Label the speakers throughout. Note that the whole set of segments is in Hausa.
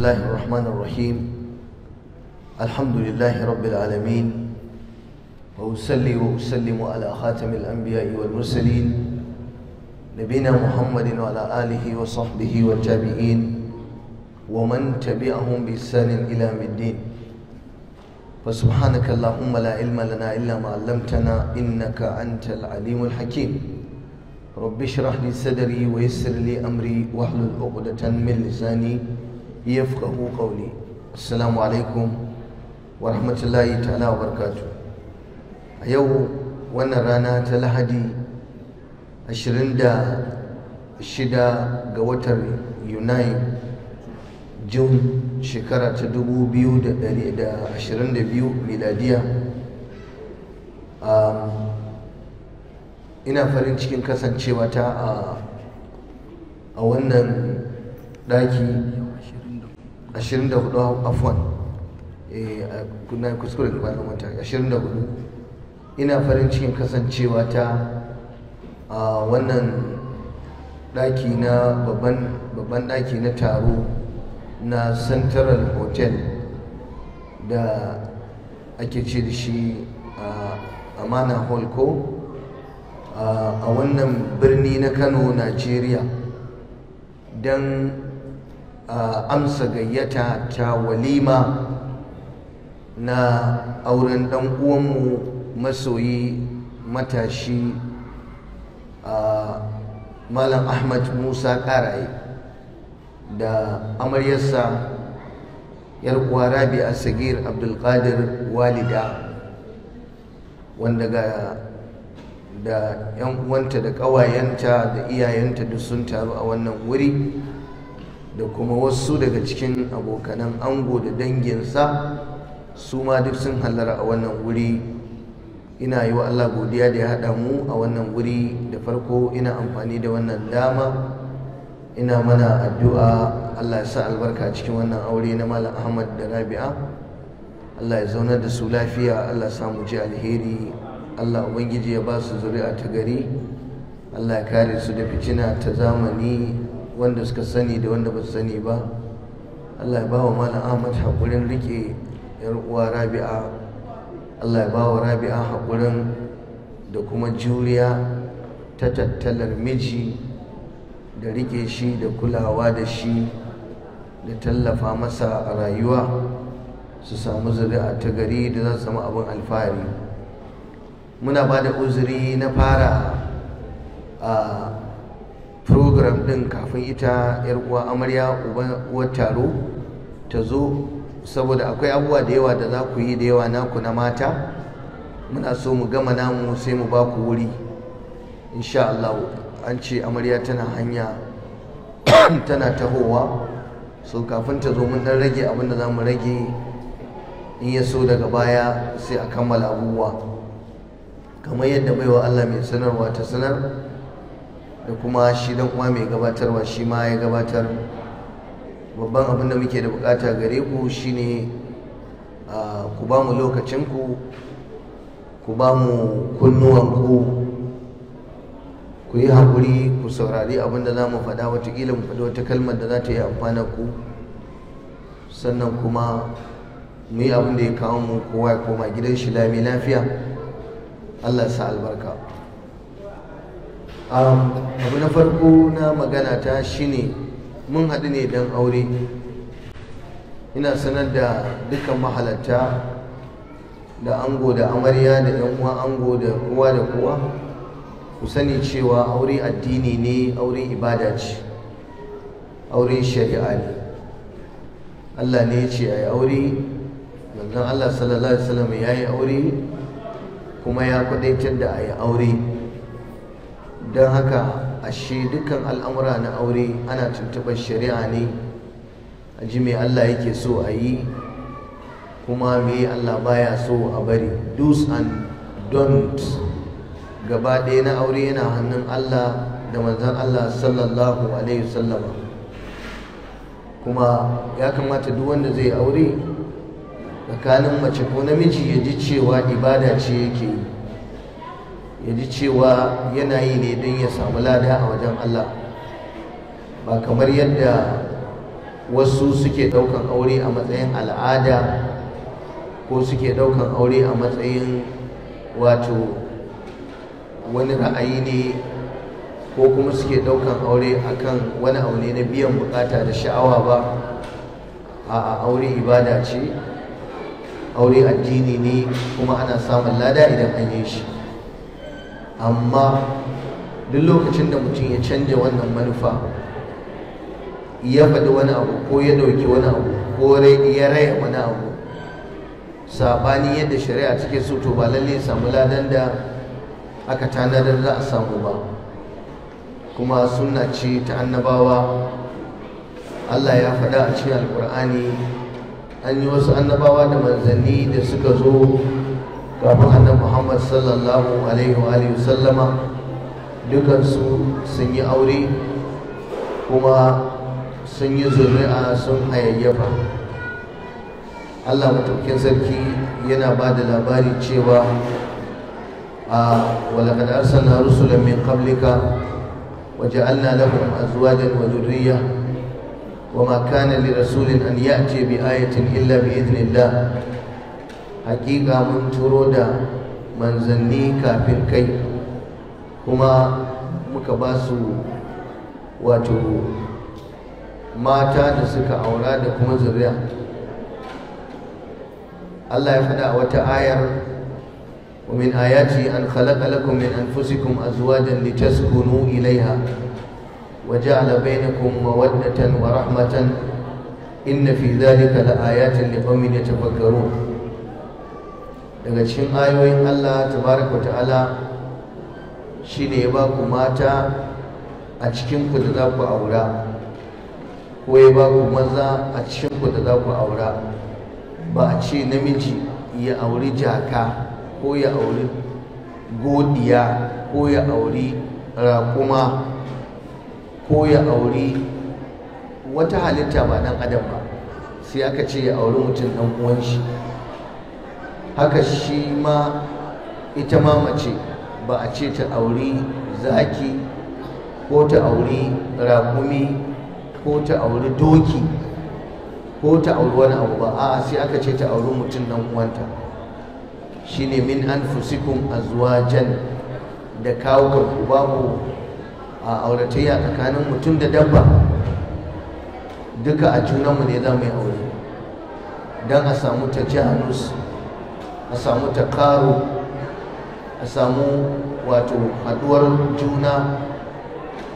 Speaker 1: الله الرحمن الرحيم الحمد لله رب العالمين وأصلي وأسلم على خاتم الأنبياء والمرسلين نبينا محمد وعلى آله وصحبه والتابعين ومن تبعهم بإحسان إلى يوم الدين فسبحانك اللهم لا علم لنا إلا ما علمتنا إنك أنت العليم الحكيم رب اشرح لي صدري ويسر لي أمري واحلل عقدة من لساني yafqahu qawli assalamu alaikum wa rahmatullahi ta'ala wa barakatuh a yau wannan rana ta lahadi 26 ga watan yunai jun shekara ta 2022 miladiya ina farin cikin kasancewa ta a wannan ɗaki 24 afwan eh, na kuskure ba na manta 24 ina farin cikin kasancewa ta a wannan daki na babban daki na taro na central hotel da ake ce da shi a amana hall ko a wannan birni na kano nigeria don amsa gayyata ta walima na auren ɗan uwanmu masoyi matashi malam ahmad musa karaye da amaryarsa yar uwa rabi'a sagir abdulkadir walida wanda ga da 'yan uwanta da ƙawayenta da iyayenta duk sun taru a wannan wuri da kuma wasu daga cikin abokanan ango da danginsa su ma duk sun hallara a wannan wuri ina yi wa Allah godiya da ya haɗa mu a wannan wuri da farko ina amfani da wannan dama ina mana addu'a Allah ya sa albarka cikin wannan aure na Malam Ahmad da Rabi'a Allah ya zaunar da su lafiya Allah ya sa mu ji alheri Allah ubangiji ya ba su zuri'a ta gari Allah ya kare su da fitina ta zamani wanda suka sani da wanda ba su sani ba Allah ya ba wa Malam Ahmad haƙurin rike ‘yar uwa Rabi'a Allah ya ba wa Rabi'a haƙurin da kuma juriya ta tattalar miji da rike shi da kulawa da shi da tallafa masa a rayuwa su samu zuri'a ta gari da za su samu abin alfahari muna ba da uzuri na fara a program din kafin ita yar uwa amarya uwar taro ta zo saboda akwai abubuwa da yawa da za ku yi da yawa naku na mata muna so mu gama namu sai mu ba ku wuri insha Allah an ce amarya tana hanya tana tahowa so kafin ta zo mun dan rage abin da za mu rage in ya so daga baya sai a kammala abubuwa kamar yadda baiwa Allah mai sanarwa ta sanar da kuma shi dan uwa mai gabatarwa shi ma ya gabatar babban abin da muke da bukata gare ku shine ku ba mu lokacinku ku ba mu kunnuwanku ku yi hakuri ku saurari abin da za mu faɗa watakila mu faɗi wata kalmar da za ta yi amfana ku sannan kuma mu yi abin da ya kawo mu kowa ya koma gidan shi lami lafiya Allah sa albarka Um, abu na farko na magana ta shine mun haɗu ne don aure ina sanar da dukkan mahalarta da ango da amarya da yan uwa ango da kowa da kowa ku sani cewa aure addini ne aure ibada ce aure shari'a ne Allah ne ce a yi aure manzon Allah sallallahu alaihi ya yi aure kuma ya kwadaitar da a yi aure don haka ashe dukkan al'amura na aure ana tuntuɓar shari'a ne a ji me Allah yake so a yi kuma me Allah baya so a bari do's and don't gaba ɗaya na aure yana hannun Allah da manzan Allah sallallahu alaihi wasallama kuma ya kamata duk wanda zai aure tsakanin mace ko namiji ya ji cewa ibada ce yake yi ya cewa yana yi ne don ya samu lada a wajen Allah ba kamar yadda wasu suke ɗaukan aure a matsayin al'ada ko suke ɗaukan aure a matsayin wato wani ra'ayi ne ko kuma suke ɗaukan aure akan wani aure na biyan bukata da sha'awa ba a aure ibada ce aure addini ne kuma ana samun lada idan an yi shi amma duk lokacin da mutum ya canja wannan manufa ya faɗi wani abu ko ya ɗauki wani abu ko ya raya wani abu saɓani yadda shari'a take so to ba lalle samu ladan da aka tanadar za a samu ba kuma suna ce ta annabawa Allah ya faɗa a cikin alƙur'ani an yi wasu annabawa da manzanni da suka zo kafin annabi Muhammad sallallahu alaihi wa sallama dukansu sun yi aure kuma sun yi zuri'a sun hayayyafa Allah mutukin sarki yana ba da labari cewa a walaqad arsalna rusulan min qablika وجعلنا لهم أزواجا وذرية وما كان لرسول أن يأتي بآية illa bi الله hakika mun turo da manzanni kafin kai kuma muka ba su wato mata da suka aura da kuma zuriya Allah ya faɗa a wata ayar ومن آياته أن خلق لكم من أنفسكم أزواجا لتسكنوا إليها وجعل بينكم مودة ورحمة إن في ذلك لآيات لقوم يتفكرون daga cikin ayoyin Allah tabaraka ta'ala shine ya ba ku mata a cikin ku da za ku aura ko ya ba ku maza a cikin ku da za ku aura ba a ce namiji ya auri jaka ko ya auri godiya ko ya auri raƙuma ko ya auri wata halitta ba nan adam ba sai aka ce ya auri mutum ɗan uwan shi haka shi ma ita ma mace ba a ce ta auri zaki ko ta auri raƙumi ko ta auri doki ko ta auri wani abu ba a'a sai aka ce ta auri mutum dan uwanta shine min anfusikum azwajan da kawo ku babu a auratayya tsakanin mutum da dabba duka a junanmu ne za mu yi aure don a samu ta janus a samu takaro a samu wato haduwar juna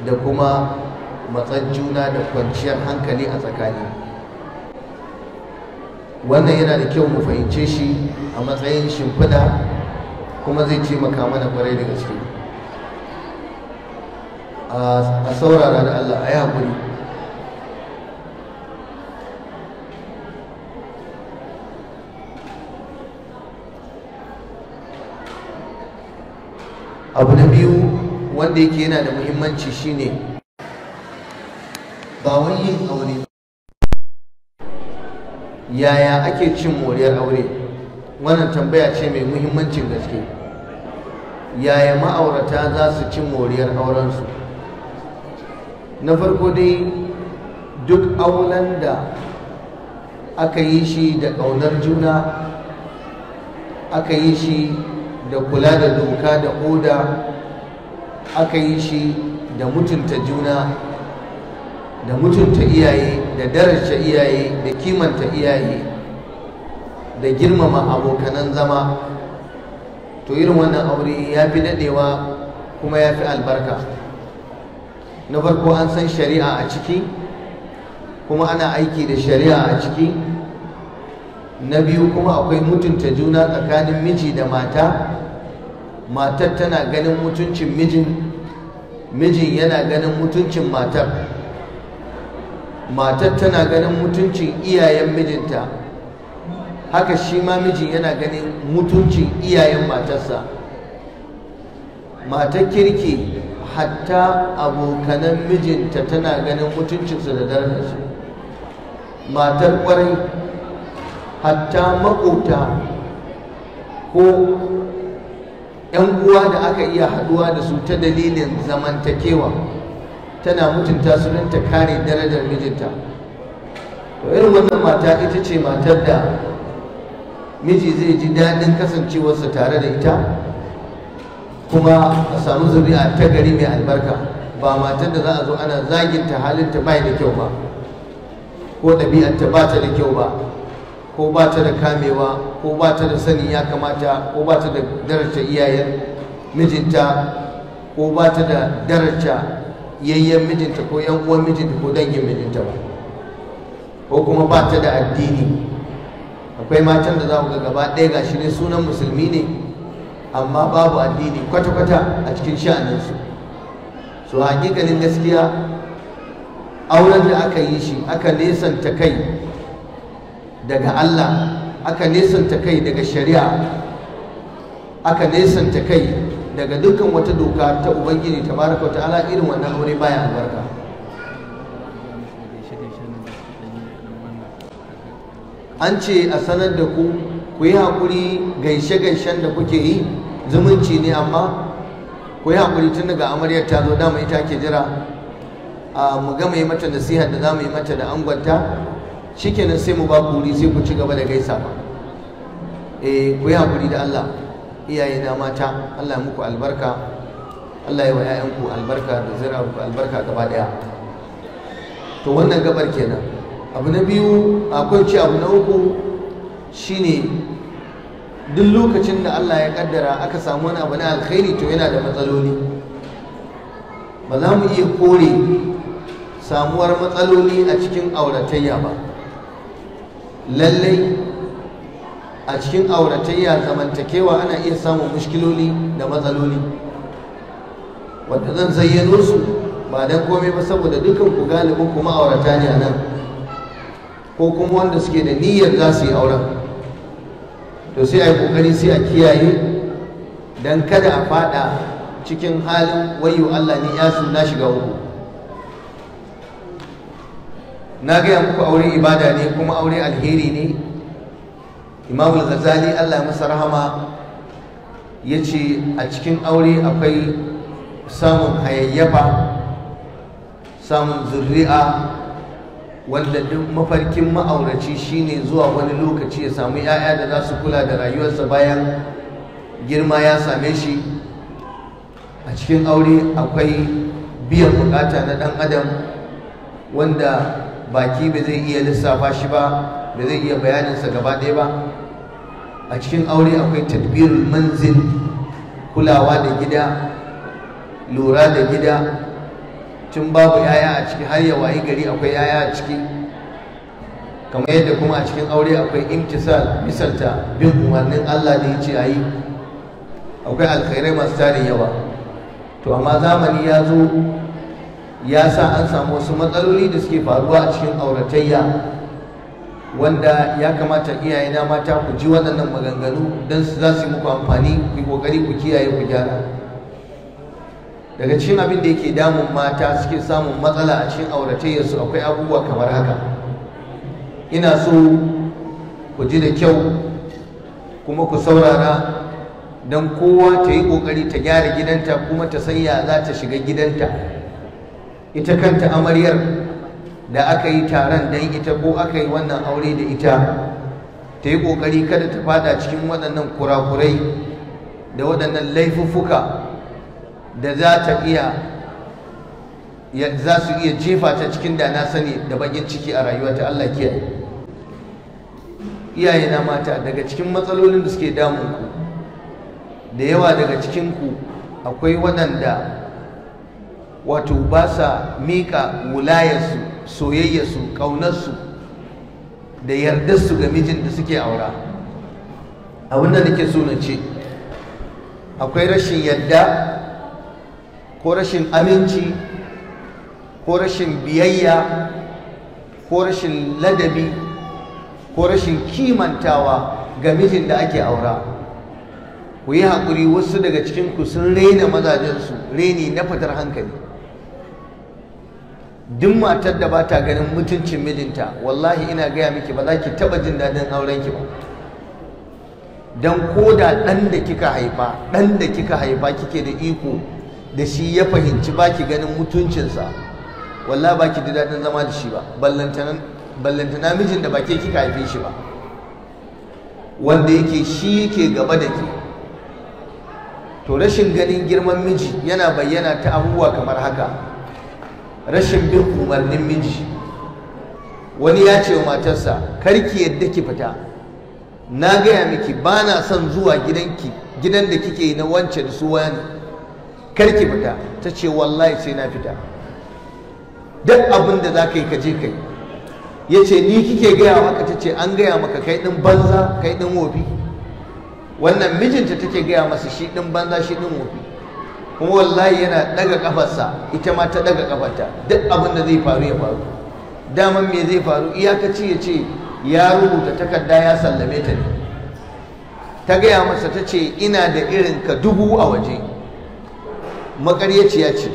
Speaker 1: da kuma matsan juna da kwanciyar hankali a tsakani wannan yana da kyau mu fahimce shi a matsayin shimfiɗa kuma zai taimaka mana kwarai da gaske a saurara da Allah a yi haƙuri wanda yake yana da muhimmanci shine ba wai yin aure yaya ake cin moriyar aure wannan tambaya ce mai muhimmancin gaske yaya ma'aurata za su cin moriyar aurensu na farko dai duk auren da aka yi shi da ƙaunar juna aka yi shi da kula da doka da oda aka yi shi da mutunta juna da mutunta iyaye da daraja iyaye da kimanta iyaye da girmama abokanan zama to irin wannan aure ya fi daɗewa kuma ya fi albarka na farko an san shari'a a ciki kuma ana aiki da shari'a a ciki na biyu kuma akwai mutunta juna tsakanin miji da mata matar tana ganin mutuncin mijin mijin yana ganin mutuncin matar matar tana ganin mutuncin iyayen mijinta haka shi ma mijin yana ganin mutuncin iyayen matarsa matar kirki hatta abokanan mijinta tana ganin mutuncinsu da darajarsu matar kwarai hatta maƙota ko 'yan uwa da aka iya haɗuwa da su ta dalilin zamantakewa tana mutunta su don ta kare darajar mijinta to irin wannan mata ita ce matar da miji zai ji daɗin kasancewarsa tare da ita kuma a samu zuri'a ta gari mai albarka ba matar da za a zo ana zaginta halinta bai da kyau ba ko ɗabi'arta ba ta da kyau ba ko ba ta da kamewa ko ba ta da sani ya kamata ko ba ta da daraja iyayen mijinta ko ba ta da daraja yayyen mijinta ko yan uwan mijinta ko dangin mijinta ba ko kuma ba ta da addini akwai matan da za ku ga gaba ɗaya ga shi ne sunan musulmi ne amma babu addini kwata-kwata a cikin sha'aninsu su hakikalin gaskiya auren da aka yi shi aka nesanta kai daga Allah aka nesanta kai daga shari'a aka nesanta kai daga dukkan wata doka ta ubangiji tabaraka ta'ala irin wannan aure baya albarka an ce a sanar da ku ku yi haƙuri gaishe-gaishen da kuke yi zumunci ne amma ku yi haƙuri tun daga amaryar ta zo dama ita ke jira a mu gama yi mata nasihar da za mu yi mata da angonta shikenan sai mu ba ku wuri sai ku ci gaba da gaisa eh ku yi hakuri da Allah iyaye na mata Allah muku albarka Allah ya wa ƴaƴanku albarka da ku albarka gaba daya to wannan gabar kenan abu na biyu akwai ce abu na uku shine duk lokacin da Allah ya kaddara aka samu wani abu na alkhairi to yana da matsaloli ba za mu iya kore samuwar matsaloli a cikin auratayya ba lallai a cikin auratayya zamantakewa ana iya samun mushkiloli da matsaloli wanda zan zayyano su ba don komai ba saboda dukkan ku galibin kuma aurata ne a nan ko kuma wanda suke da niyyar za su yi auren to sai a yi kokari sai a kiyaye don kada a fada cikin halin wayo Allah ne ya na shiga uku na gaya muku aure ibada ne kuma aure alheri ne imamul ghazali allah masa rahama ya ce a cikin aure akwai samun hayayyafa samun zurri'a wanda duk mafarkin ma'auraci shine zuwa wani lokaci ya samu 'ya'ya da za su kula da rayuwarsa bayan girma ya same shi a cikin aure akwai biyan bukata na dan adam wanda baki ba zai iya lissafa shi ba ba zai iya bayaninsa gaba ɗaya ba a cikin aure akwai tadbirul manzil kulawa da gida lura da gida tun babu yaya a ciki har ya wayi gari akwai yaya a ciki kamar yadda kuma a cikin aure akwai imtisal misalta bin umarnin Allah da ya ce a akwai alkhairai masu tarin yawa to amma zamani ya zo ya sa an samu wasu matsaloli da suke faruwa a cikin auratayya wanda ya kamata iyaye na mata ku ji waɗannan maganganu don su za su muku amfani ku ƙoƙari ku kiyaye ku gyara daga cikin abin da yake damun mata suke samun matsala a cikin auratayyarsu akwai abubuwa kamar haka ina so ku ji da kyau kuma ku saurara don kowa ta yi ƙoƙari ta gyara gidanta kuma ta sanya za ta shiga gidanta ita kanta amaryar da aka yi taron don ita ko aka yi wannan aure da ita ta yi ƙoƙari kada ta fada cikin waɗannan kurakurai da waɗannan laifuffuka da za ta iya za su iya jefa ta cikin da na sani da bakin ciki a rayuwa ta Allah ke iyaye na mata daga cikin matsalolin da suke damun ku da yawa daga cikin ku akwai waɗanda wato ba sa mika wulayarsu soyayyarsu ƙaunarsu da yardarsu ga mijin da suke aura abin da nake so na ce akwai rashin yarda ko rashin aminci ko rashin biyayya ko rashin ladabi ko rashin kimantawa ga mijin da ake aura ku yi haƙuri wasu daga cikin cikinku sun raina mazajensu raini na fatar hankali duk matar da ba ta ganin mutuncin mijinta wallahi ina gaya miki ba za ki taba jin daɗin aurenki ba don ko da ɗan da kika haifa ɗan da kika haifa kike da iko da shi ya fahimci ba ki ganin mutuncinsa wallahi ba ki ji daɗin zama da shi ba ballantana mijin da ba ke kika haife shi ba wanda yake shi yake gaba da ke to rashin ganin girman miji yana bayyana ta abubuwa kamar haka rashin bin umarnin miji wani ya ce wa matarsa karki yadda ki fita na gaya miki ba na son zuwa gidanki gidan da kike yi na wance da su wani karki fita ta ce wallahi sai na fita duk abin da za ka yi ka je kai. ya ce ni kike gaya maka ta ce an gaya maka kai ɗin banza kai ɗin wofi wannan mijinta take gaya masa shi ɗin banza shi ɗin wofi kuma wallahi yana daga kafarsa ita ma ta daga kafarta duk abin da zai faru ya faru daman me zai faru iyakaci ya ce ya rubuta takarda ya sallame ta ne ta gaya masa ta ce ina da irin ka dubu a waje makaryaciya ce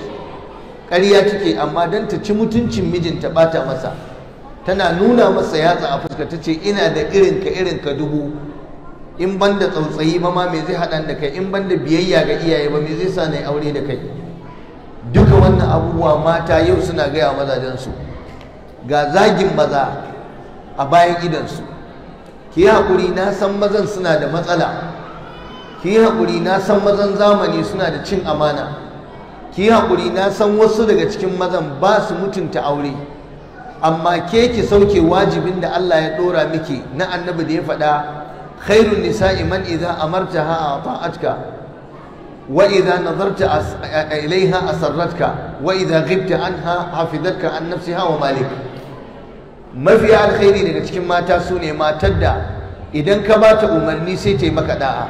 Speaker 1: ƙarya take amma don ta ci mutuncin mijinta bata masa tana nuna masa yatsa a fuska ta ce ina da irin ka irin ka dubu in ban da tsautsayi ba ma me zai haɗa da kai in ban da biyayya ga iyaye ba me zai sa na aure da kai duka wannan abubuwa mata yau suna gaya mazajensu ga zagin maza a bayan idansu ki yi haƙuri na san mazan suna da matsala ki yi haƙuri na san mazan zamani suna da cin amana ki haƙuri na san wasu daga cikin mazan ba su mutunta aure amma ke ki sauke wajibin da Allah ya ɗora miki na annabi da ya faɗa khairun nisa'i man idza amartaha ata'atka wa idza nadarta ilaiha asarratka wa idza ghibta anha hafizatka an nafsiha wa malik mafiya alkhairi daga cikin mata su ne matar da idan ka bata umarni sai ta yi maka da'a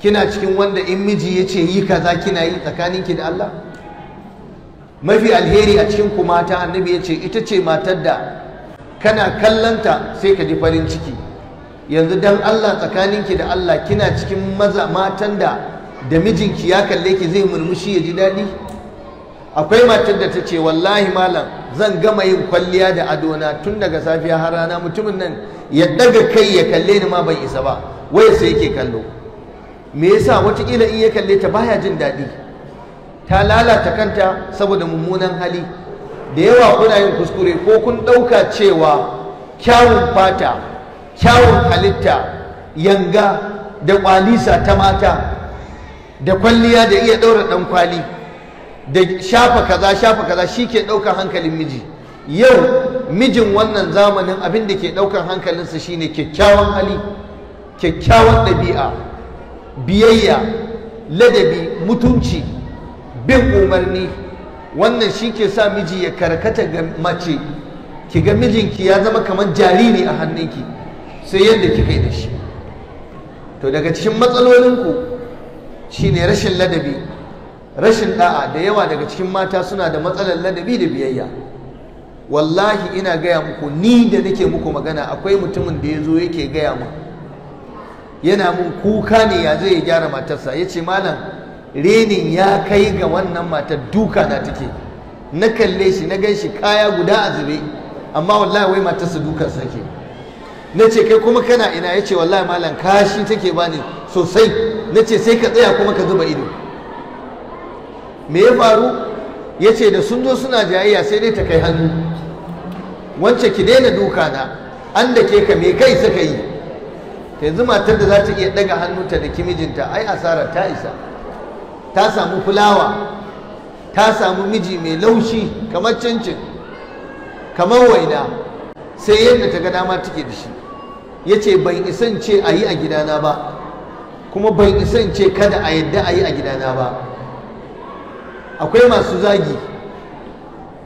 Speaker 1: kina cikin wanda in miji ya ce yi kaza kina yi ki da Allah mafi alheri a cikin ku annabi ya ce ita ce matar da kana kallonta sai ka ji farin ciki yanzu dan Allah tsakaninki da Allah kina cikin maza matan da da mijinki ya kalle ki zai murmushi ya ji daɗi akwai matar da ta ce wallahi malam zan gama yin kwalliya da adona tun daga safiya har rana mutumin nan ya daga kai ya kalle ni ma ban isa ba waya sai yake kallo me yasa watakila in ya kalle ta baya jin daɗi ta lalata kanta saboda mummunan hali da yawa kuna yin kuskure ko kun ɗauka cewa kyawun fata kyawun halitta yanga da kwalisa ta mata da kwalliya da iya ɗaura ɗan kwali da shafa kaza shafa kaza shi ke ɗaukar hankalin miji yau mijin wannan zamanin abin da ke ɗaukar hankalinsa shine kyakkyawan hali kyakkyawan ɗabi'a biyayya ladabi mutunci bin umarni wannan shi ke sa miji ya karkata ga mace ki ga mijinki ya zama kamar jariri a hannunki sai yadda kika yi da shi to daga cikin matsalolinku shine rashin ladabi rashin da'a da yawa daga cikin mata suna da matsalar ladabi da biyayya wallahi ina gaya muku ni da nake muku magana akwai mutumin da ya zo yake gaya mu yana mun kuka ne ya zai gyara matarsa ya ce malam renin ya kai ga wannan matar duka na take na kalle shi na gan shi kaya guda a zube amma wallahi wai matarsa dukan sake na ce kai kuma kana ina ya ce wallahi malam kashi take bani sosai na ce sai ka tsaya kuma ka zuba ido me ya faru ya ce da sun zo suna jayayya sai dai ta kai hannu wance ki daina duka na an da ke ka me kai suka yi yanzu matar da za ta iya daga hannunta da mijinta ai asara ta isa ta samu fulawa ta samu miji mai laushi kamar cincin kamar waina sai yadda ta ga dama take da shi ya ce ban isan ce a yi a gidana ba kuma bai isan ce kada a yadda a yi a gidana ba akwai masu zagi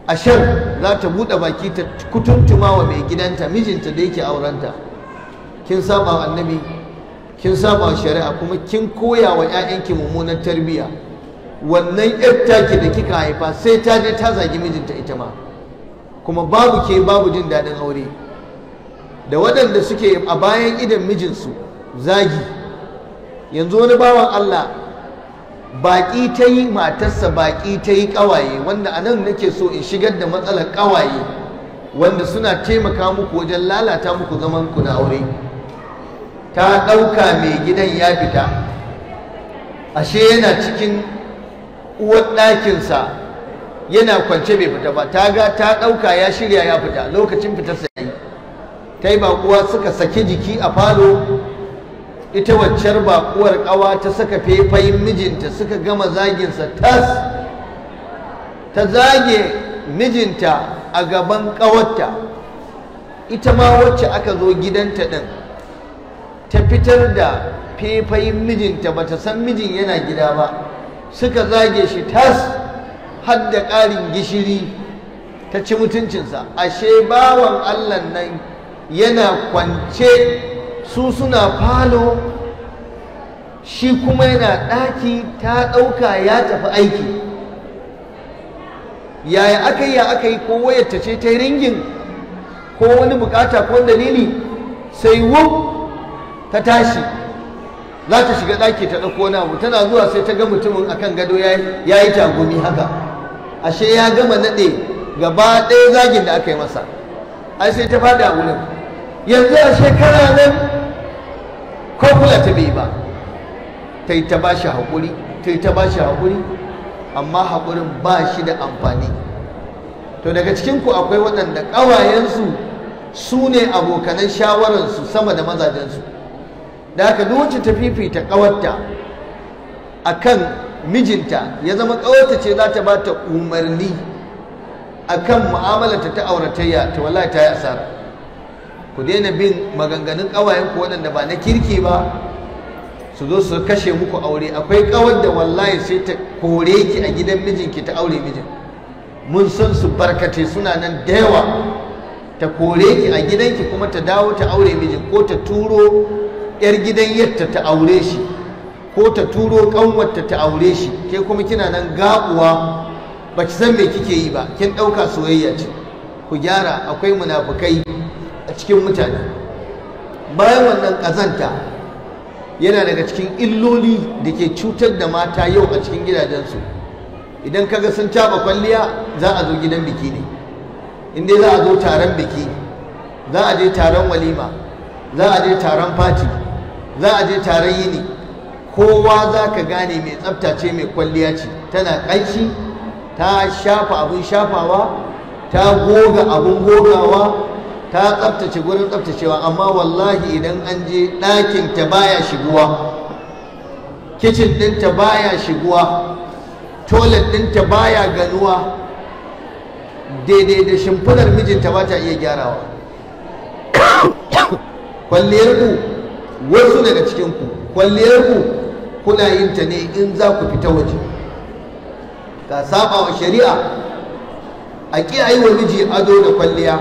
Speaker 1: A shan, za ta buɗe baki ta kutuntuma wa mai gidanta mijinta da yake aurenta kin saba wa annabi kin saba wa shari'a kuma kin koya wa 'ya'yanki mummunan tarbiyya wannan yar take da kika haifa sai ta je ta zagi mijinta ita ma kuma babu ke babu jin daɗin aure da waɗanda suke a bayan idan mijinsu zagi yanzu wani bawan Allah baƙi ta yi matarsa baƙi ta yi ƙawaye wanda a nan nake so in shigar da matsalar ƙawaye wanda suna taimaka muku wajen lalata muku zaman ku na aure ta ɗauka mai gidan ya fita ashe yana cikin uwar ɗakinsa yana kwance bai fita ba ta ga ta ɗauka ya shirya ya fita lokacin fitarsa ta yi baƙuwa suka saki jiki a falo ita waccar baƙuwar ƙawa ta saka faifayin mijinta suka gama zaginsa tas ta zage mijinta a gaban ƙawarta ita ma wacce aka zo gidanta ɗin ta fitar da faifayin mijinta ba ta san mijin yana gida ba suka zage shi tas har da ƙarin gishiri ta ci mutuncinsa ashe bawan allah nan yana kwance su suna falo shi kuma yana ɗaki ta ɗauka ya tafi aiki yaya aka yi ya aka yi ko wayarta ce ta ringin ko wani bukata ko dalili sai wuf ta tashi za ta shiga ɗaki ta ɗauko wani abu tana zuwa sai ta ga mutumin akan gado ya yi tagumi haka ashe ya gama naɗe gaba ɗaya zagin da aka yi masa ai sai ta fada wurin yanzu a shekara nan ko kula ta bai ba ta yi ta ba shi haƙuri ta yi ta ba shi haƙuri amma haƙurin ba shi da amfani to daga cikin ku akwai waɗanda ƙawayensu su ne abokanan shawararsu sama da mazajensu da haka duk wacce ta fifita ƙawarta a kan mijinta ya zama ƙawarta ce za ta ba ta umarni akan mu'amalarta ta auratayya to wallahi ta yi asara ku daina bin maganganun ƙawayen ku waɗanda ba na kirki ba su zo su kashe muku aure akwai kawar da wallahi sai ta kore ki a gidan mijinki ta aure mijin mun san su barkate suna nan da yawa ta kore ki a gidanki kuma ta dawo ta aure mijin ko ta turo 'yar gidan yadda ta aure shi ko ta turo ƙanwarta ta aure shi ke kuma kina nan gaɓuwa ba ki san me kike yi ba kin ɗauka soyayya ce ku gyara akwai munafukai a cikin mutane bayan wannan kazanta, yana daga cikin illoli da ke cutar da mata yau a cikin gidajensu idan kaga sun caba kwalliya za a zo gidan biki ne in dai za a zo taron biki za a je taron walima za a je taron fati za a je taron yini kowa za ka gane mai tsaftace mai kwalliya ce tana ƙanshi ta shafa abin shafawa ta goga abin gogawa ta tsabtace gurin tsaftacewa. amma wallahi idan an je ɗakin ta baya shiguwa kicin ɗinta baya shiguwa toilet ɗinta baya ganuwa daidai da shimfidar mijinta ba ta iya gyarawa kwalliyar ku wasu daga cikin ku ku kuna yin ta ne in za ku fita waje ka saba wa shari'a a ƙi a yi wa miji ado da kwalliya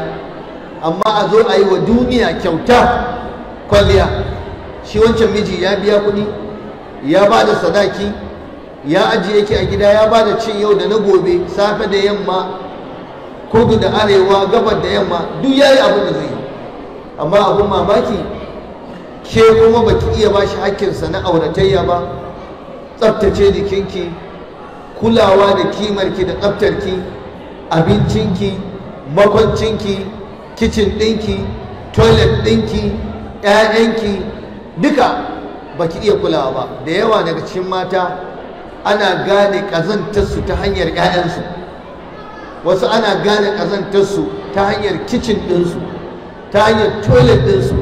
Speaker 1: amma a zo a yi wa duniya kyauta kwalliya shi wancan miji ya biya kuɗi ya ba da sadaki ya ajiye ki a gida ya ba da cin yau da na gobe safe da yamma kudu da arewa gabar da yamma duk ya yi abu da zai amma abin mamaki ke kuma baki iya ba shi hakkinsa na auratayya ba tsabtace jikinki kulawa da kimarki da tsaftarki abincinki makwancinki kicin ɗinki toilet ɗinki 'ya'yanki duka baki iya kulawa ba da yawa daga cikin mata ana gane ƙazantarsu ta hanyar 'ya'yansu wasu ana gane ƙazantarsu ta hanyar kicin ɗinsu ta hanyar toilet ɗinsu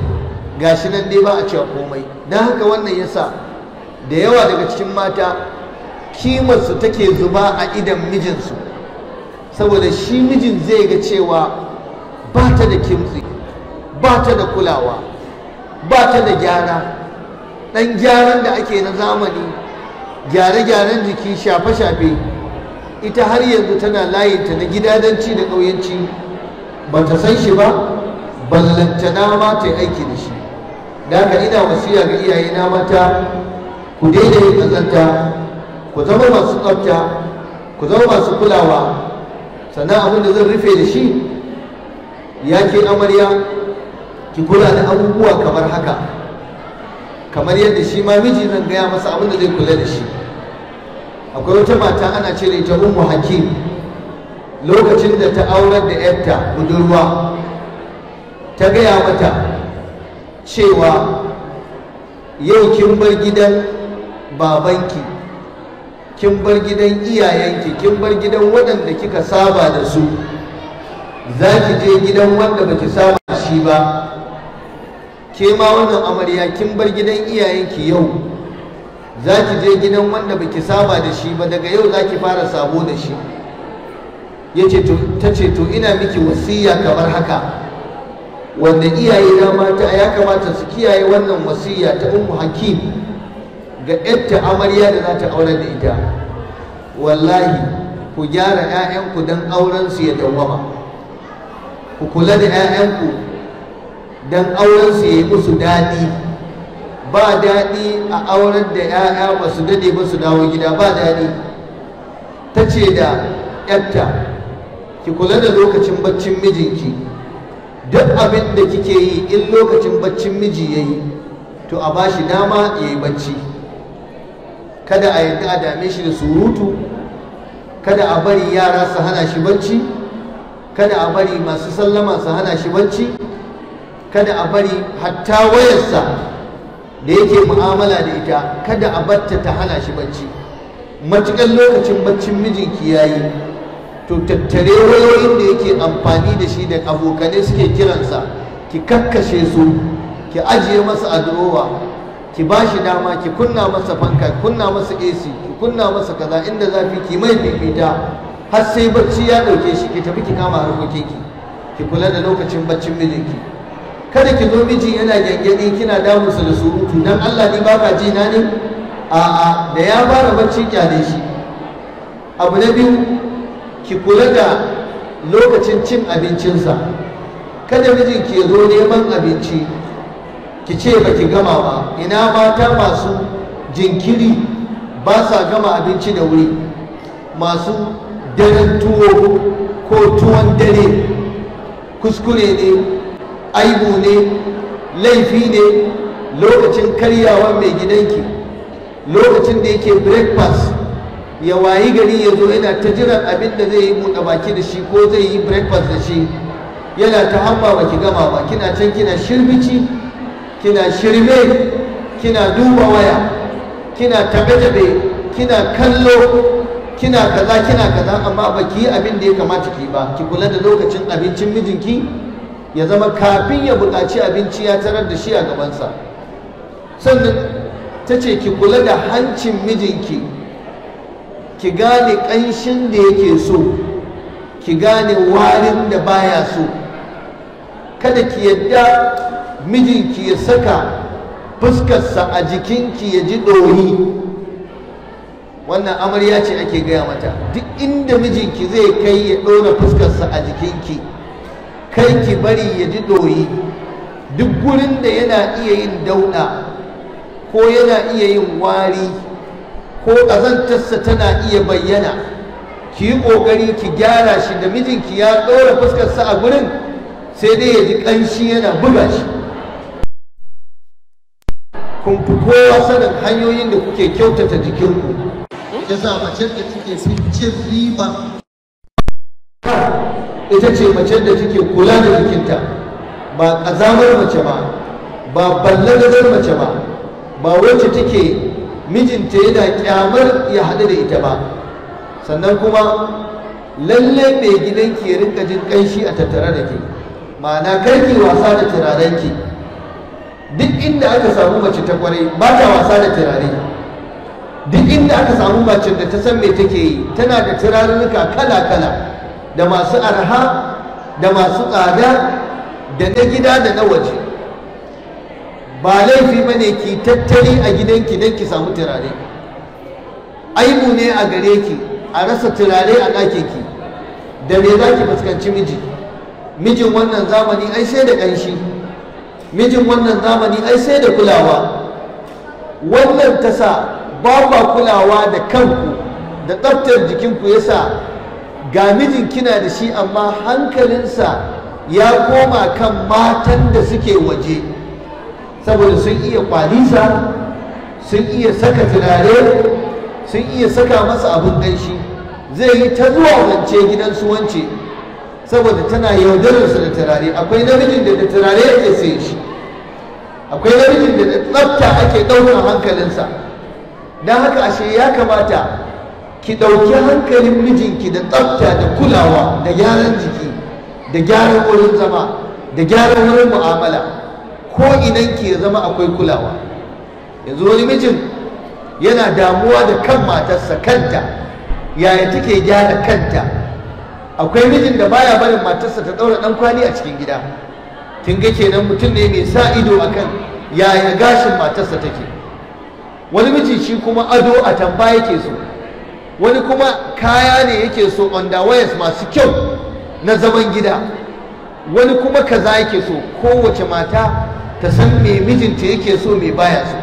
Speaker 1: gashi nan dai ba a cewa komai don haka wannan yasa da yawa daga cikin mata kimarsu take zuba a idan mijinsu saboda shi mijin zai ga cewa ba ta da kimtsi ba ta da kulawa ba ta da gyara ɗan gyaran da ake na zamani gyare-gyaren jiki shafe-shafe ita har yanzu tana layinta na gidadanci da ƙauyanci ba ta san shi ba ballantana ma ta aiki da shi da haka ina wasiya ga iyayena mata ku daidai ƙazanta ku zama masu tsabta ku zama masu kulawa sannan abin da zan rufe da shi ya ke amarya ki kula da abubuwa kamar haka kamar yadda shi ma miji zan gaya masa abin da zai kula da shi akwai wata mata ana ce da ita ummu hakim lokacin da ta aurar da yarta budurwa ta gaya mata cewa yau kin bar gidan babanki kin bar gidan iyayenki kin bar gidan waɗanda kika saba da su za ki je gidan wanda baki saba da shi ba ke ma wannan amarya kin bar gidan iyayenki yau za ki je gidan wanda baki saba da shi ba daga yau za ki fara sabo da shi yace to tace to ina miki wasiya kamar haka wanda iyaye na mata ya kamata su kiyaye wannan wasiya ta ummu hakim ga yadda amarya da za ta aure da ita wallahi ku gyara 'ya'yanku don aurensu ya dawama ku kula da 'ya'yanku don aurensu ya yi musu daɗi ba daɗi a auren da 'ya'ya ba su daɗe ba su dawo gida ba daɗi ta ce da 'yarta ki kula da lokacin baccin mijinki duk abin da kike yi in lokacin baccin miji ya yi to a ba shi dama ya yi bacci kada a yadda a dame shi da surutu kada a bari yara su hana shi bacci kada a bari masu sallama su hana shi bacci kada a bari hatta wayarsa da yake mu'amala da ita kada a batta ta hana shi bacci matuƙar lokacin baccin mijinki ya yi to tattare wayoyin da yake amfani da shi da abokanai suke kiransa ki kakkashe su ki ajiye masa a drowa ki ba shi dama ki kunna masa fanka kunna masa AC ki kunna masa kaza inda zafi ki mai fifita har sai bacci ya dauke shi ki tafi ki kama harkokin ki ki kula da lokacin baccin mijinki kada ki zo miji yana gyangyaɗi kina damunsa da surutu dan Allah ni ba ka ji na ne a'a da ya fara bacci kyale shi abu na biyu ki kula da lokacin cin abincinsa kada mijinki ya zo neman abinci ki ce ba ki gama ba ina mata masu jinkiri ba sa gama abinci da wuri masu daren tuwo ko tuwon dare kuskure ne aibu ne laifi ne lokacin karyawa mai gidanki lokacin da yake breakfast ya wayi gari ya zo yana ta jiran abin da zai yi buɗe baki da shi ko zai yi breakfast da shi yana ta hamba ba ki gama ba kina can kina shirbici kina shirme kina duba waya kina tabe-tabe kina kallo kina kaza kina kaza amma ba ki abin da ya kamata ki ba ki kula da lokacin abincin mijinki ya zama kafin ya buƙaci abinci ya tarar da shi a gabansa sannan ta ce ki kula da hancin mijinki ki gane ƙanshin da yake so ki gane warin da baya so kada ki yadda mijinki ya saka fuskarsa a jikinki ya ji ɗoyi wannan amarya ce ake gaya mata duk inda mijinki zai kai ya ɗora fuskarsa a jikinki kai ki bari ya ji ɗoyi duk gurin da yana iya yin dauɗa ko yana iya yin wari ko ƙazantarsa tana iya bayyana ki yi ƙoƙari ki gyara shi da mijinki ya ɗora fuskarsa a gurin sai dai ya ji ƙanshi yana buga shi kun fi kowa sanin hanyoyin da kuke kyautata jikinku ya sa macen da take fi cin riba ita ce macen da take kula da jikinta ba ƙazamar mace ba ba ballagazar mace ba ba wacce take mijinta yana kyamar ya haɗu da ita ba sannan kuma lalle mai gidanki ya rinka jin ƙanshi a tattare da ke ma'ana karki wasa da turarenki duk inda aka samu mace ta kwarai ba ta wasa da turare duk inda aka samu mace da ta san me take yi tana da turarurruka kala-kala da masu arha da masu tsada da na gida da na waje ba laifi ba ne ki tattali a gidanki don ki samu turare aibu ne a gare ki a rasa turare a ɗakinki da me za ki fuskanci miji mijin wannan zamani ai sai da ƙanshi mijin wannan zamani ai sai da kulawa wannan ta sa ba ba kulawa da kanku da tsaftar jikinku ya sa ga mijin kina da shi amma hankalinsa ya koma kan matan da suke waje saboda sun iya kwalisa sun iya saka turare sun iya saka masa abin ganshi zai yi ta zuwa wance gidan su wance saboda tana yaudararsa da turare akwai namijin da da turare yake sai shi akwai namijin da da tsafta ake ɗaukar hankalinsa don haka ashe ya kamata ki ɗauki hankalin mijinki da tsafta da kulawa da gyaran jiki da gyaran wurin zama da gyaran wurin mu'amala ko idan ki zama akwai kulawa yanzu wani mijin yana damuwa da kan matarsa kanta yaya take gyara kanta akwai mijin da baya barin matarsa ta ɗaura ɗan kwali a cikin gida kin ga kenan mutum ne mai sa ido akan yaya gashin matarsa take wani miji shi kuma ado a tamba yake so wani kuma kaya ne yake so underwears masu kyau na zaman gida wani kuma kaza yake so kowace mata ta san me mijinta yake so me baya so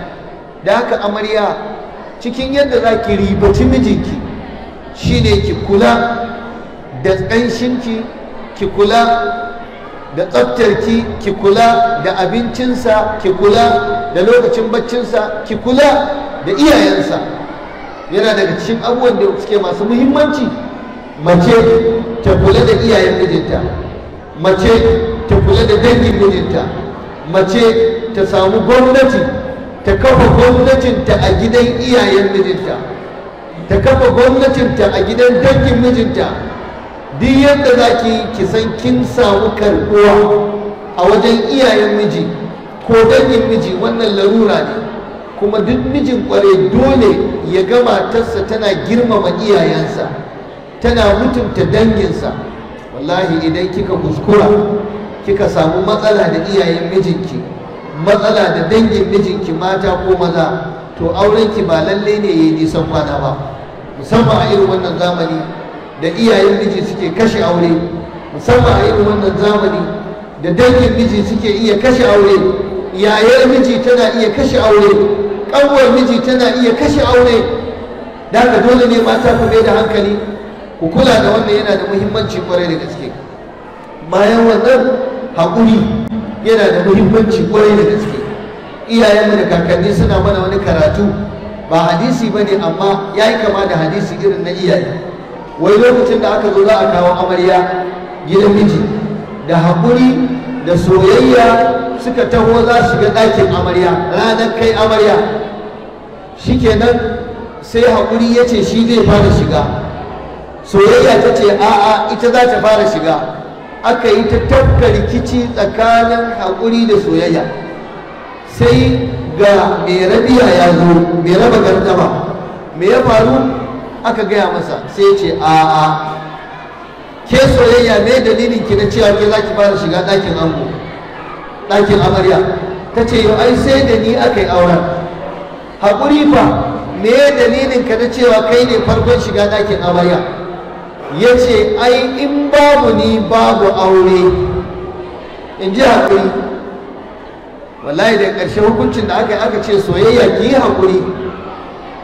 Speaker 1: da haka amarya cikin yadda za ki ribaci mijinki shine ki kula da ƙanshinki ki kula da tsaftarki ki kula da abincinsa ki kula da lokacin baccinsa ki kula da iyayensa yana daga cikin abubuwan da suke masu muhimmanci mace ta kula da iyayen mijinta mace ta kula da dangin mijinta mace ta samu gwamnati ta kafa gwamnatinta a gidan iyayen mijinta ta kafa gwamnatinta a gidan dangin mijinta duk yadda za ki ki san kin samu karɓuwa a wajen iyayen miji ko dangin miji wannan larura ne kuma duk mijin kware dole ya ga matarsa tana girmama iyayensa tana mutunta danginsa wallahi idan kika kuskura kika samu matsala da iyayen mijinki matsala da dangin mijinki mata ko maza to aurenki ba lalle ne ya yi nisan kwana ba musamman a irin wannan zamani da iyayen miji suke kashe aure musamman a irin wannan zamani da dangin miji suke iya kashe aure yayar miji tana iya kashe aure ƙanwar miji tana iya kashe aure da haka dole ne mata ku mai da hankali ku kula da wannan yana da muhimmanci kwarai da gaske bayan wannan haƙuri yana da muhimmanci kwarai da gaske iyayenmu da kakanni suna mana wani karatu ba hadisi ba ne amma ya yi kama da hadisi irin na iyaye wai lokacin da aka zo za a kawo amarya gidan miji da haƙuri da soyayya suka taho za su shiga ɗakin amarya ranar kai amarya shikenan sai haƙuri ya ce shi zai fara shiga soyayya ta ce a'a ita za ta fara shiga aka yi ta tafka rikici tsakanin haƙuri da soyayya sai ga mai rabiya ya zo mai raba gardama me ya faru aka gaya masa sai ya ce a a ke soyayya me dalilin ki na cewa ke zaki fara shiga ɗakin ango ɗakin amarya ta ce yau ai sai da ni aka yi auren haƙuri fa me dalilin ka na cewa kai ne farkon shiga ɗakin amarya ya ce ai in babu ni babu aure in ji haƙuri wallahi da ƙarshe hukuncin da aka yi aka ce soyayya ki yi haƙuri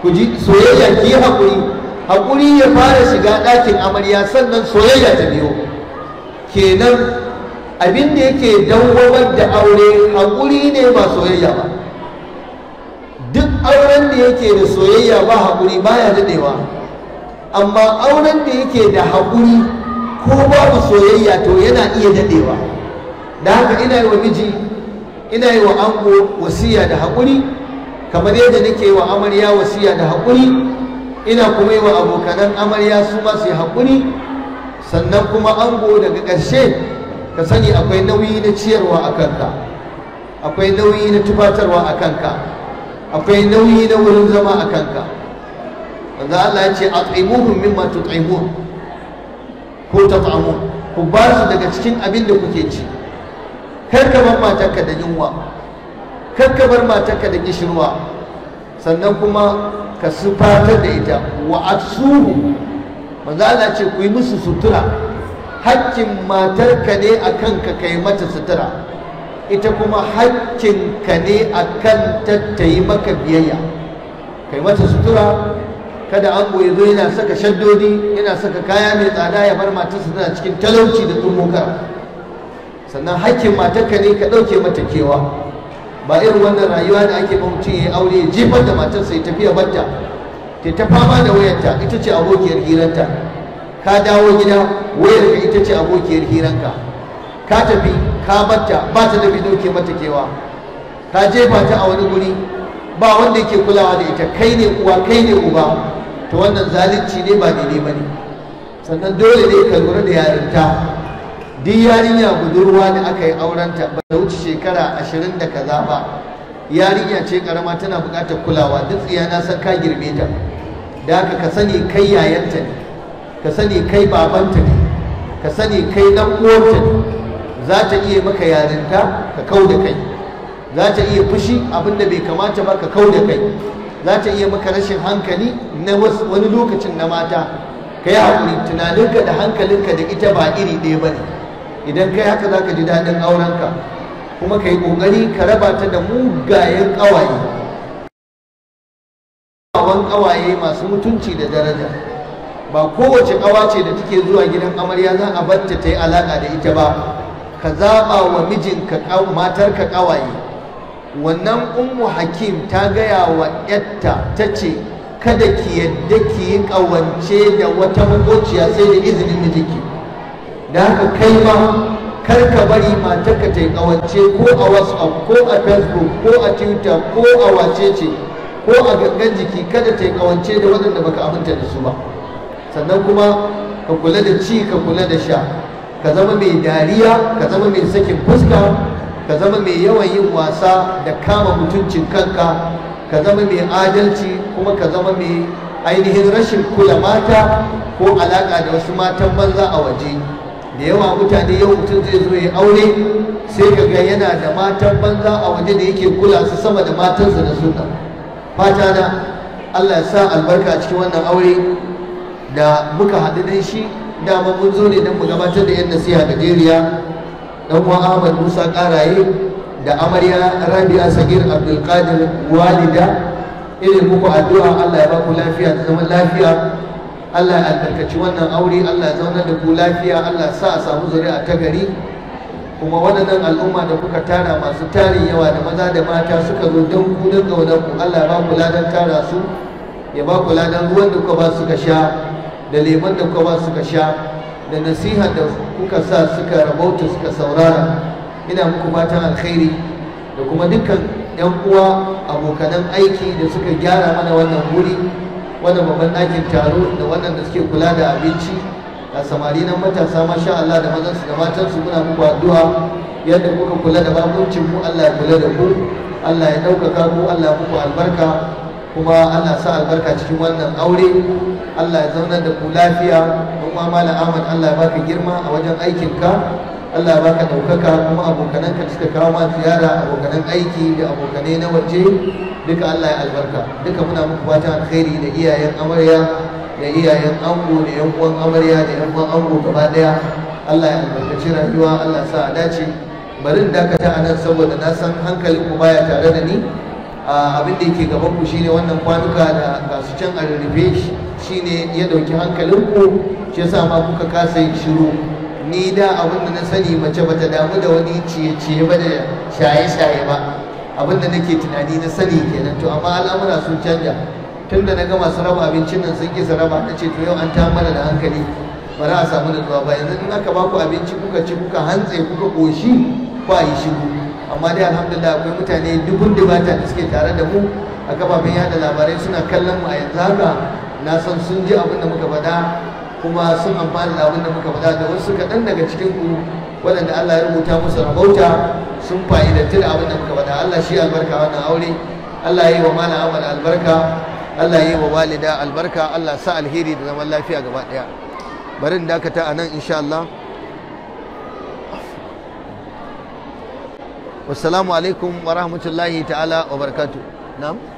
Speaker 1: ku ji soyayya ki yi haƙuri haƙuri ya fara shiga ɗakin amarya sannan soyayya ta biyo kenan abin da yake dawwamar da aure haƙuri ne ba soyayya ba duk auren da yake da soyayya ba haƙuri baya daɗewa amma auren da yake da haƙuri ko babu soyayya to yana iya daɗewa da haka ina yi wa miji ina yi wa ango wasiya da haƙuri kamar yadda nake wa amarya wasiya da haƙuri ina kuma yi wa abokanan amarya su ma su yi haƙuri sannan kuma ango daga ƙarshe ka sani akwai nauyi na ciyarwa a kanka akwai nauyi na tufatarwa a kanka akwai nauyi na wurin zama a kanka wanda Allah ya ce a tsaimuhun min mimma tutaimun ko ta ku ba su daga cikin abin da kuke ci kar ka bar matarka da yunwa kar ka bar matarka da gishirwa sannan kuma ka sufatar da ita wa asuhu manzo Allah ce ku yi musu sutura hakkin ka ne a kan ka kai mata sutura ita kuma ka ne a kan tattayi maka biyayya kai mata sutura kada an ya zo yana saka shaddodi yana saka kaya mai tsada ya bar matarsa tana cikin talauci da tsumokar sannan hakkin ka ne ka ɗauke mata kewa ba irin wannan rayuwa da ake ba mutum ya aure ya jefar da matarsa ya tafiya banta. ta ta fama da wayarta ita ce abokiyar hirarta ka dawo gida wayar wayarka ita ce abokiyar hiranka ka tafi ka bata ba ta dafi doke mata kewa ka jefa ta a wani guri ba wanda yake kulawa da ita kai ne uwa kai ne uba to wannan zalunci ne ba daidai ba ne sannan dole ne ka lura da yarinta duk yarinya budurwa ne aka yi aurenta ba da wuce shekara ashirin da kaza ba yarinya ce karama tana bukatar kulawa duk tsiya na ka girme ta da haka ka sani kai yayanta ne ka sani kai babanta ne ka sani kai dan uwanta ne za ta iya maka yarinta ka kau da kai za ta iya fushi abinda bai kamata ba ka kau da kai za ta iya maka rashin hankali na wani lokacin na mata ka yi haƙuri tunaninka da hankalinka da ita ba iri ɗaya ba ne idan kai haka za ka ji daɗin aurenka kuma ka yi ƙoƙari ka raba ta da mugayen ƙawaye ƙawan ƙawaye masu mutunci da daraja ba kowace ƙawa ce da take zuwa gidan amarya za a batta ta yi alaƙa da ita ba ka zaɓa wa mijinka matarka ƙawaye wannan ummu hakim ta gaya wa yatta ta ce kada ki yadda ki yi ƙawance da wata makociya sai da izinin mijinki da haka kai ma kar ka bari matarka ta yi kawance ko a whatsapp ko a facebook ko a twitter ko a wacece ko a gangan jiki kada ta yi kawance da waɗanda baka aminta da su ba sannan kuma ka kula da ci ka kula da sha ka zama mai dariya ka zama mai sakin fuska ka zama mai yawan yin wasa da kama mutuncin kanka ka zama mai adalci kuma ka zama mai ainihin rashin kula mata ko alaƙa da wasu matan banza a waje da yawa mutane yau mutum zai zo ya aure sai ka ga yana da matan banza a waje da yake kula su sama da matansa da suna fata na Allah ya sa albarka a cikin wannan aure da muka haɗu da shi dama mun zo ne don mu gabatar da yan nasiha da jeriya dan uwa Ahmad Musa Karaye da amarya Rabi'a Sagir Qadir Walida irin muku addu'a Allah ya ba ku lafiya da zaman lafiya Allah ya albarkaci wannan aure Allah ya zauna da ku lafiya Allah sa a samu zuri'a ta gari kuma waɗannan al'umma da kuka tara masu tarin yawa da maza da mata suka zo don ku don gaunar ku Allah ya ba ku ladan tara su ya ba ku ladan ruwan da kuka ba ka sha da lemon da kuka ba ka sha da nasiha da kuka sa suka rabauta suka saurara ina muku fatan alkhairi da kuma dukkan 'yan uwa abokanan aiki da suka gyara mana wannan wuri wannan babban ɗakin taro da waɗanda suke kula da abinci da samari nan matasa masha Allah da mazan su da matan su muna muku addu'a yadda kuka kula da babuncin mu Allah ya kula da ku Allah ya ɗaukaka ku Allah ya muku albarka kuma Allah sa albarka cikin wannan aure Allah ya zauna da ku lafiya kuma malam Ahmad Allah ya baka girma a wajen aikinka Allah ya baka ɗaukaka kuma abokananka suka kawo ma ziyara abokanan aiki da abokanai na waje duka Allah ya albarka duka muna muku fata alkhairi da iyayen amarya da iyayen ango da yan uwan amarya da yan uwan ango gaba daya Allah ya albarkaci rayuwa Allah sa a dace bari dakata a nan saboda na san hankalin ku baya tare da ni abin da yake gaban ku shine wannan kwanuka da gasu can a rurrufe shine ya dauki hankalin ku shi yasa ma kuka kasa yin shiru ni da abin da na sani mace bata damu da wani ciye-ciye ba da shaye-shaye ba abin da nake tunani na sani kenan to amma al'amura sun canja tun da na gama masu raba abincin nan sun ki raba na ce to yau an ta mana da hankali ba za a samu nutsuwa ba yanzu in aka ba ku abinci kuka ci kuka hantse kuka ƙoshi ko a yi shigo amma dai alhamdulillah akwai mutane dubun dubata da suke tare da mu a kafafen yada labarai suna kallon mu a yanzu haka na san sun ji abin da muka faɗa kuma sun amfana da abin da muka faɗa da wasu kaɗan daga cikin ku waɗanda Allah ya rubuta musu rahota sun fa'idantu da abin da muka faɗa Allah shi albarka wannan aure Allah ya yi wa mana amal albarka Allah ya yi wa walida albarka Allah sa alheri da zaman lafiya gaba ɗaya bari in dakata a nan insha Allah wassalamu alaikum wa rahmatullahi ta'ala wa barakatuh na'am